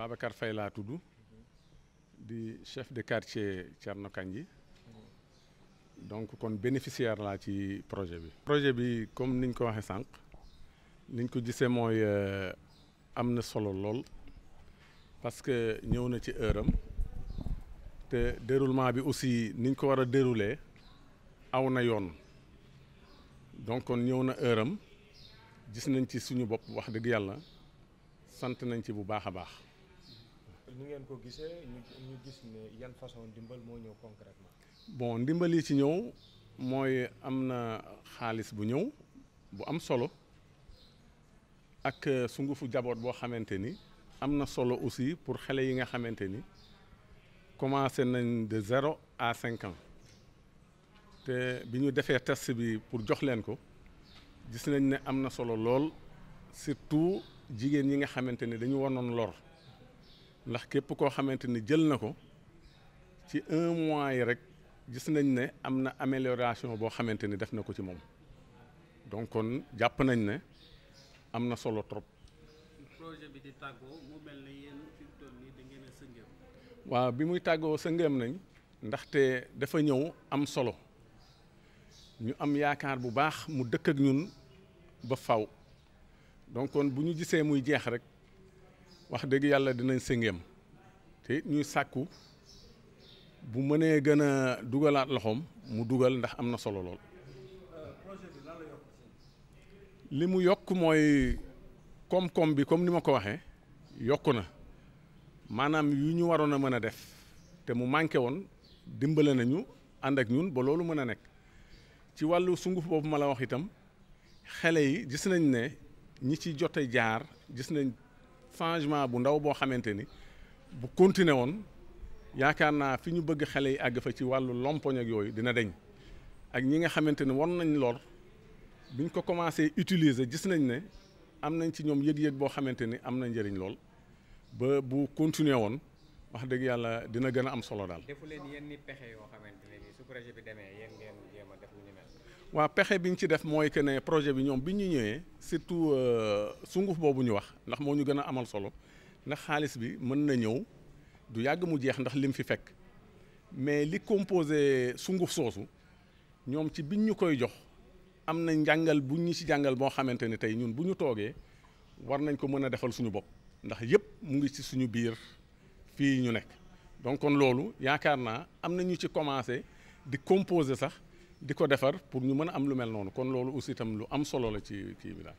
Babacar fay laa tudd di chef de quartier Thierno Kandji donc kon bénéficiaire laa ci projet bi. projet bi comme niñ ko waxee sànq niñ ko gisee mooy euh, am na solo lool parce que ñëw na ci heure am te déroulement bi aussi niñ ko war a dérouler aw na yoon donc kon ñëw na heure am gis nañ ci suñu bopp wax dëgg yàlla sant nañ ci bu baax a baax. ni ngeen ko gisee ñu gis ne yan façon ndimbal moo ñëw concrètement. bon ndimbalii yi ci ñëw mooy am na xaalis bu ñëw bu am solo ak euh, sungufu jaboot boo xamante ni am na solo aussi pour xele yi nga xamante ni commencé nañ de zéro à cinq te bi ñu defee test bi pour jox leen ko gis nañ ne am na solo lool surtout jigéen ñi nga xamante ni dañu wanoon lor. ndax képp koo xamante ni jël na ko ci un mois yi rek gis nañ ne am na amélioration boo xamante ni def na ko ci moom donc kon jàpp nañ ne am na solo trop. projet bi mu mel ne yéen waaw bi muy tàggoo sëngeem nañ ndaxte dafa ñëw am solo ñu am yaakaar bu baax mu dëkk ak ñun ba faw donc kon bu ñu gisee muy jeex rek. wax dëgg yàlla dinañ sëngeem te ñuy sàkku bu mënee gën a dugalaat loxoom mu dugal ndax am na solo lool li mu yokk mooy koom-koom bi comme ni ma ko waxee yokk na maanaam yu ñu waroon a mën a def te mu manqué woon dimbale nañu ànd ak ñun ba loolu mën a nekk ci wàllu sunguf boobu ma la wax itam xele yi gis nañ ne ñi ci jote jaar gis nañ changement bu ndaw boo xamante ni bu continuer woon yaakaar naa fi ñu bëgg xale yi àgg fa ci wàllu lompoñ yooyu dina deñ ak ñi nga xamante ni war nañ lor biñ ko commencé utiliser gis nañ ne am nañ ci ñoom yëg-yëg boo xamante ni am na njëriñ lool ba bu continué woon wax dëgg yàlla dina gën a am solo daal. defu leen yenn pexe yoo xamante ne su projet bi demee yéen ngeen jéem a def lu ñu waa pexe bi ñu ci def mooy que ne projet bi ñoom bi ñu ñëwee surtout euh, sunguf boobu ñu wax ndax moo ñu gën a amal solo ndax xaalis bi mën na ñëw du yàgg mu jeex ndax lim fi fekk mais li composé sunguf soosu ñoom ci biñ ñu koy jox am na njàngal bu ñu ci jàngal boo xamante ne tey ñun bu ñu toogee war nañ ko mën a defal suñu bopp ndax yëpp mu ngi ci suñu biir fii ñu nekk donc kon loolu yaakaar naa am na ñu ci commencé di composer sax. di ko defar pour ñu mën a am lu mel noonu kon loolu aussi tam lu am solo la ci kii bi daal